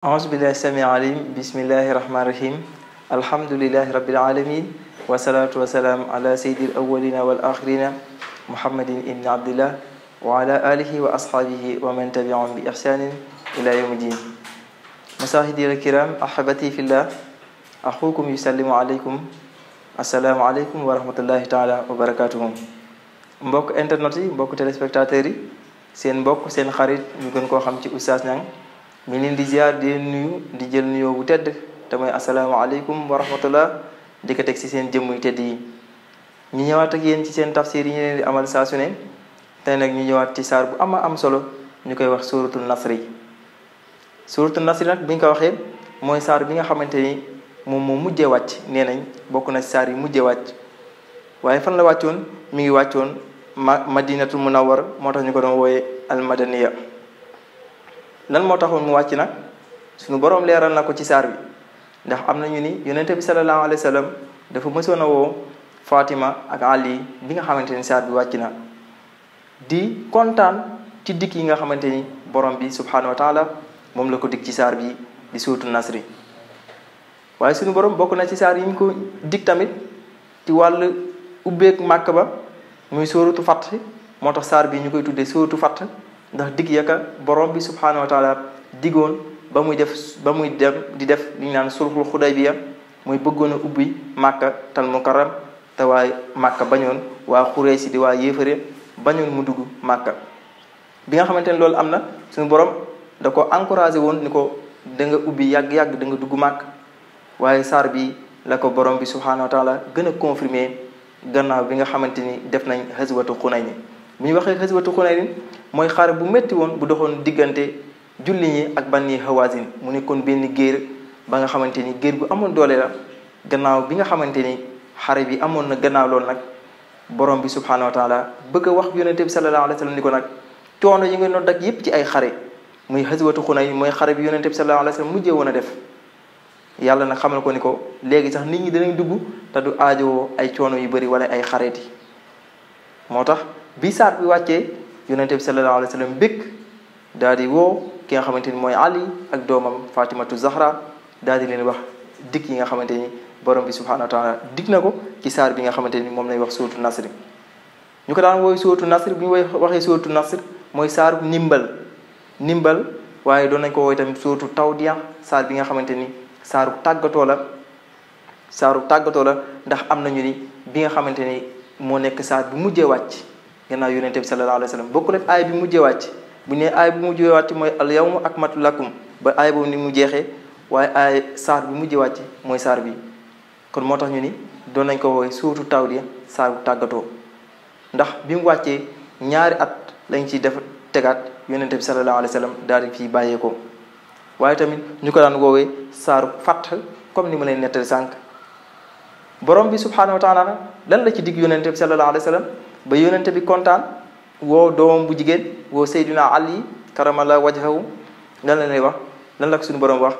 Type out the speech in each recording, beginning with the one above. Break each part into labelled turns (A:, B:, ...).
A: أعوذ بالله السميع العليم بسم الله الرحمن الرحيم الحمد لله رب العالمين والصلاة والسلام على سيد الأولين والآخرين محمد بن عبد الله وعلى آله وأصحابه ومن تبعهم بإحسان إلى يوم الدين مشاهدي الكرام أحبتي في الله أخوكم يسلم عليكم السلام عليكم ورحمة الله تعالى وبركاته مبوك انترنتي مبوك تلسبكتاتيري سين yi سين خريط seen xarit ñu gën ñu leen di ziar di leen nuyu di jël nuyoo bu tedd te mooy asalaamaaleykum wa rahmatullah di ko teg ci seen jëmm yu tedd yi. ñu ñëwaat ak yéen ci seen tafsir yi ñu leen di amal saa su ne tey nag ñu ñëwaat ci saar bu ama am solo ñu koy wax suuratu nasri suuratul nasri nag bi ñu ko waxee mooy saar bi nga xamante ni moom moo mujjee wàcc nee nañ bokk na saar yi mujjee wàcc waaye fan la wàccoon mi ngi wàccoon ma madinatul munawwar moo tax ñu ko doon wooyee almadaniya lan moo taxoon mu wàcc nag suñu boroom leeral na ko ci saar bi ndax am nañu ni yonente bi sallallahu alayhi wa sallam dafa mësoon a woo Fatima ak àll yi bi nga xamante ni saar bi wàcc na di kontaan ci dikk yi nga xamante ni borom bi subhaanahu wa taala moom la ko dig ci saar bi di suuratu nasri waaye suñu borom bokk na ci saar yi ñu ko dig tamit ci wàll ubbeek màkk ba muy suuratu fatt moo tax saar bi ñu koy tuddee suuratu fatt ndax digg yaka borom bi subhaanahu wa diggoon ba muy def ba muy dem di def li ñu naan sulxul xudaybiya muy bëggoon a ubbi màkka tal mukarram te waa màkka bañoon waa xureesi di waa yéefare bañoon mu dugg màkka bi nga xamante ne loolu am na suñu borom da ko encouragé woon ni ko danga ubbi yàgg-yàgg da nga dugg màkk waaye saar bi la ko borom bi subhaanahu wa taala gën a confirmé gannaaw bi nga xamante ni def nañ xaswatu xunay ni bu ñu waxee xaswatu Xunayn mooy xare bu métti woon bu doxoon diggante julli ñi ak Bani Hawazin mu nekkoon benn géer ba nga xamante ni géer bu amoon doole la gannaaw bi nga xamante ni xare bi amoon na gannaaw loolu nag borom bi subhaanahu wa taala bëgg a wax yonente bi sallallahu alayhi wa sallam ni ko nag coono yi nga nodd ak yépp ci ay xare muy xaswatu Xunayn mooy xare bi yonente bi sallallahu alayhi wa sallam mujjee woon a def yàlla nag xamal ko ni ko léegi sax nit ñi danañ dugg te du aajowoo ay coono yu bëri wala ay xareeti moo tax bi saar bi wàccee yonente bi sallallahu alayhi wa sallam daal di woo ki nga xamante ni mooy Ali ak doomam Fatimatu Zahra daal di leen wax dikk yi nga xamante ni borom bi subhanahu wa dig na ko ci saar bi nga xamante ni moom lay wax sóotu nasr ñu ko daan wooy sóotu nasr bu ñu woy waxee sóotu nasr mooy saaru ndimbal ndimbal waaye doon nañ ko wooy tamit sóotu tawdiya saar bi nga xamante ni saaru tàggatoo la saaru tàggatoo la ndax am nañu ni bi nga xamante ni moo nekk saar bu mujjee wàcc gannaaw yonente bi sallallahu alayhi wa sallam bokku rek aay bi mujjee wàcc bu ñu nee aay bu mujjee wàcc mooy al yawma akmatu lakum ba aay boobu ni mu jeexee waaye aay saar bi mujjee wàcc mooy saar bi kon moo tax ñu ni doon nañ ko woowee suuratu tawdi saaru tàggatoo ndax bi mu wàccee ñaari at lañ ciy def tegaat yonente bi sallallahu alayhi wa sallam daal di fi bàyyeekoo waaye tamit ñu ko daan woowee saaru fàtt comme ni ma leen nettali sànq borom bi subhanahu wa taala lan la ci digg yonente bi sallallahu alayhi ba yonente bi kontaan woo doom bu jigéen woo Seydina Ali karamala wajhahu lan la lay wax lan la ko suñu borom wax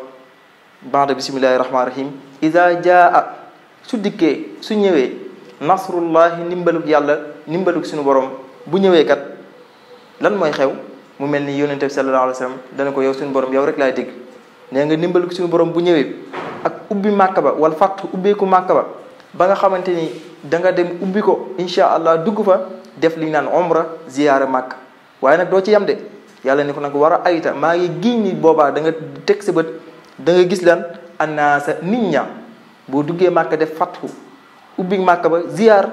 A: banda bisimillahi rahmaani rahim iza jaa su dikkee su ñëwee nasrullahi ndimbalug yàlla ndimbalug suñu borom bu ñëwee kat lan mooy xew mu mel ni yonente bi sallallahu alayhi wa dana ko yow suñu borom yow rek laay dégg nee nga ndimbalug suñu boroom bu ñëwee ak ubbi màkk ba wal fatt ubbeeku màkk ba ba nga xamante ni da nga dem ubbi ko incha allah dugg fa def li ñu naan omra ziyaara màkk waaye nag doo ci yam de yàlla ne ko nag war a ayta maa ngi giñ ni boobaa danga teg sa bët da nga gis lan naa sa nit ña boo duggee màkk def fatku ubbi màkk ba ziyaar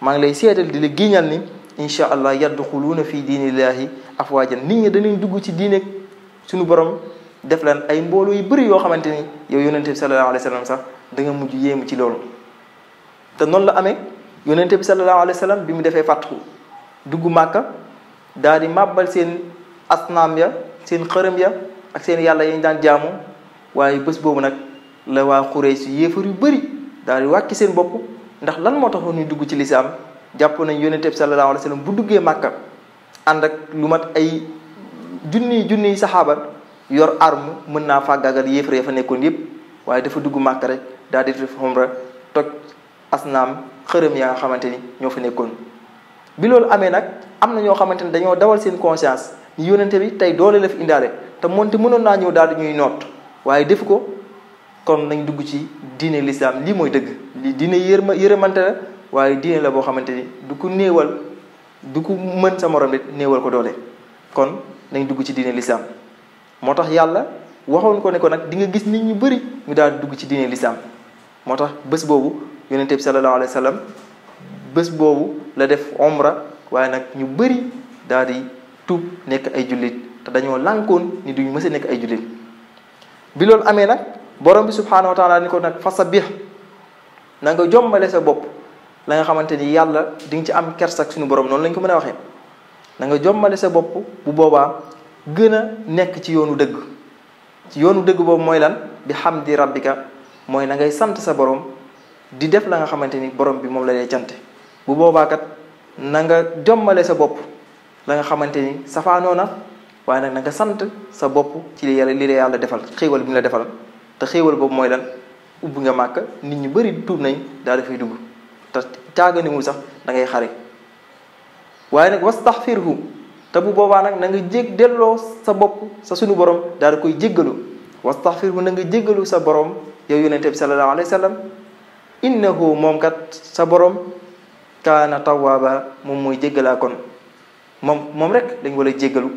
A: maa ngi lay seetal di la giñal ni incha allah yadxuluuna fi diinillaahi afwaajan nit ñi danañ dugg ci diine suñu borom def lan ay mbooloo yu bëri yoo xamante ni yow yonente bi sallallahu alayhi wa sax danga mujj yéemu ci loolu te noonu la amee yonente bi sallallahu alayhi wa sallam bi mu defee fàttuku dugg màkka daal di màbbal seen asnaam ya seen xërëm ya ak seen yàlla yi ñu daan jaamu waaye bés boobu nag la waa Quraysh yéefar yu bari daal di wàcc seen bopp ndax lan moo taxoon ñu dugg ci lislaam jàpp nañ yonente bi sallallahu alayhi wa bu duggee màkka ànd ak lu mat ay junniy junniy saxaabar yor arme mën naa fàggaagal yéefar ya fa nekkoon yépp waaye dafa dugg màkka rek daal di def asnaam xërëm yaa nga xamante ni ñoo fa nekkoon bi loolu amee nag am na ñoo xamante ni dañoo dawal seen conscience ni yónnante bi tey doole la fi indaale te moonte mënoon naa ñëw daal di ñuy noot waaye defu ko kon nañ dugg ci diine lislaam lii mooy dëgg lii diine yërma yërëmante la waaye diine la boo xamante ni du ko néewal du ko mën sa morom nit néewal ko doole kon nañ dugg ci diine lislaam moo tax yàlla waxoon ko ne nag di nga gis nit ñu bëri ñu daal dugg ci diine lislaam moo tax bés boobu yonente bi sallallahu alayhi wa sallam bés boobu la def omra waaye nag ñu bëri daal di tuub nekk ay jullit te dañoo lànkoon ni duñu mës a nekk ay jullit bi loolu amee nag borom bi subhaanahu wa taala ni ko nag fasabbih na nga jombale sa bopp la nga xamante ni yàlla di nga ci am kersak suñu borom noonu lañ ko mën a waxee na nga jombale sa bopp bu boobaa gën a nekk ci yoonu dëgg ci yoonu dëgg boobu mooy lan bi hamdi rabbika mooy na ngay sant sa borom di def la nga xamanteni borom bi mom la lay cante bu boba kat na nga jomale sa bop la nga xamanteni ni safaanoo na waaye nag na nga sante sa bop ci li yalla li la yalla defal xewal bi la defal te xewal boobu moy lan ubbi nga mak nit ñu bari tu nañ la fay dugg te mu sax da ngay xare nak wastaghfirhu ta bu boba nak na nga delo sa bop sa sunu borom da la koy jéggalu wastaghfirhu na nga jéggalu sa borom yow yunus innahu moom kat sa boroom borom kaana tawaaba moom mooy jéggalaa kon moom moom rek dañ war a jéggalu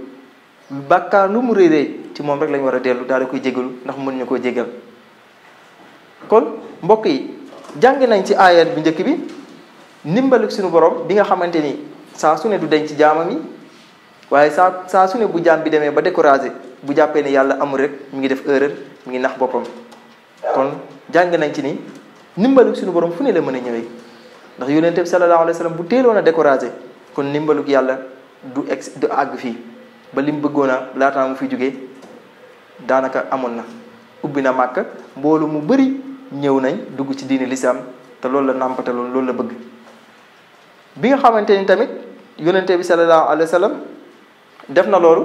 A: bàkkaar lu mu réeree ci moom rek lañ war a dellu daal di koy jéggalu ndax mën ñu koo jéggal kon mbokk yi jàng nañ ci aayat bu njëkk bi ndimbalu suñu borom bi nga xamante ni saa su ne deñ ci jaamam yi waaye saa saa su bu jaan bi demee ba découragé bu jàppee ne yàlla amul rek mu ngi def erreur mu ngi nax boppam kon jàng nañ ci ni ndimbalug suñu borom fu ne la mën a ñëwee ndax yonent bi sallallahu alayhi wa bu teeloon a découragé kon ndimbalug yàlla du ex du àgg fii ba lim bëggoon a laataa mu fi jóge daanaka amoon na ubbi na màkk mboolu mu bari ñëw nañ dugg ci diini lislaam te loolu la nàmpataloon loolu la bëgg bi nga xamante ni tamit yonente bi sallallahu alayhi wa def na loolu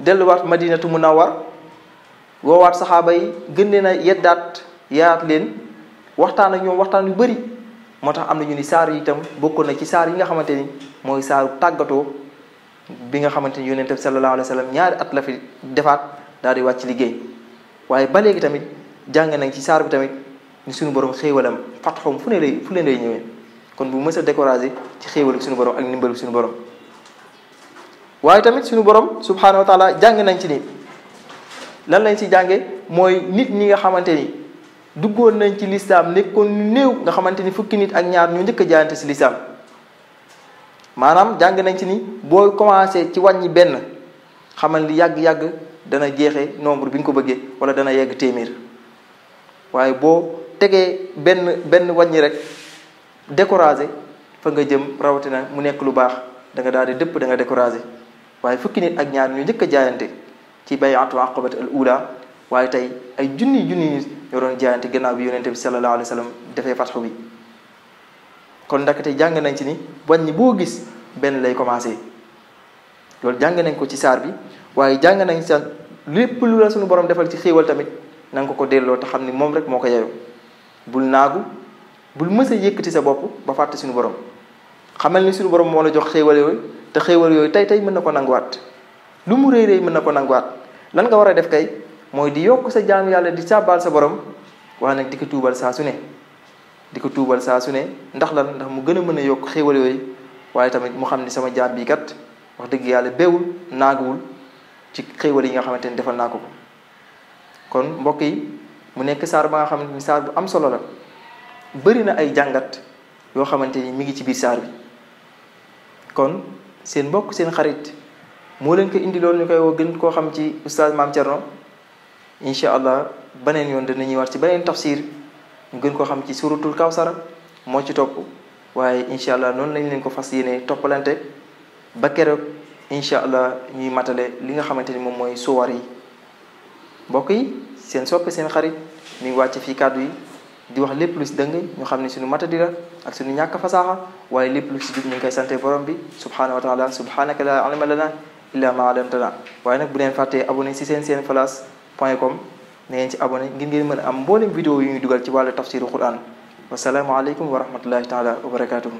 A: delluwaat madinatu munawwar woowaat saxaaba yi gën leen a yeddaat yaat leen waxtaan ak ñoom waxtaan yu bëri moo tax am na ñu ni saar yitam bokkoon na ci saar yi nga xamante ni mooy saaru tàggatoo bi nga xamante ni yonent bi sallallahu alayhi wa ñaari at la fi defaat daal di wàcc liggéey waaye ba léegi tamit jàng nañ ci saar bi tamit ni suñu borom xéewalam fatxoom fu ne lay fu leen lay ñëwee kon bu mës a ci xéewalu bi suñu borom ak ndimbal bi suñu borom waaye tamit suñu borom subhanahu wa jàng nañ ci ni lan lañ ci jànge mooy nit ñi nga xamante ni duggoon nañ ci lislaam nekkoon ñu néew nga xamante ni fukki nit ak ñaar ñoo njëkk a jaayante si lislaam maanaam jàng nañ ci ni boo commencé ci wàññi benn xamal li yàgg-yàgg dana jeexee nombre bi nga ko bëggee wala dana yegg téeméer waaye boo tegee benn benn wàññi rek découragé fa nga jëm rawatina mu nekk lu baax da daal di dëpp da nga découragé waaye fukki nit ak ñaar njëkk a jaayante ci bayatu aqabati al ula waaye tey ay junni junni ñoo doon jaayante gannaaw bi yonente bi sallallahu alayhi wa sallam defee fatxu bi jàng nañ ci ni wàññi boo gis benn lay commencé loolu jàng nañ ko ci saar bi waaye jàng nañ sa lépp lu la borom defal ci xéewal tamit na ko ko delloo te xam ni moom rek moo ko yeyoo bul naagu bul mës a yëkkati sa bopp ba fàtte suñu borom xamal ni suñu borom moo la jox xéewal yooyu te xéewal yooyu tey tey mën na nanguwaat lu mu rëy rëy mën na ko nanguwaat lan nga war a def kay mooy di yokk sa jaamu yàlla di sàbbaal sa borom waaye nag di ko tuubal saa su ne di ko tuubal saa su ne ndax lan ndax mu gën a mën a yokk xéewal yooyu waaye tamit mu xam ne sama jaam bii kat wax dëgg yàlla béewul naaguwul ci xéewal yi nga xamante ni defal naa ko ko kon mbokk yi mu nekk saar ba nga xamante ni saar bu am solo la bari na ay jàngat yoo xamante ni mi ngi ci biir saar bi kon seen mbokk seen xarit moo leen ko indiloon ñu koy woo gën koo xam ci oustaz Maam incha allah beneen yoon ñuy ñëwaat ci beneen tafsir ñu gën ko xam ci suratul kawsara moo ci topp waaye incha allah noonu lañ leen ko fas yéene toppalante ba keroog incha allah ñuy matale li nga xamante ni moom mooy suwar yi mbokk yi seen soppe seen xarit mi ngi wàcc fii kàddu yi di wax lépp lu si dëng ñu xam ne suñu matadi la ak suñu ñàkk fasaaxa waaye lépp lu si jub ñu ngi koy sante borom bi subhaanahu wa taala subhaanaka la ilma lana illa ma alamtana seen seen falaas point com na ngeen ci abonné ngir ngeen mën am mboolem vidéo yu ñuy dugal ci wàllu tafsiru quran wasalaamualeykum wa rahmatullahi taala wa barakaatuhu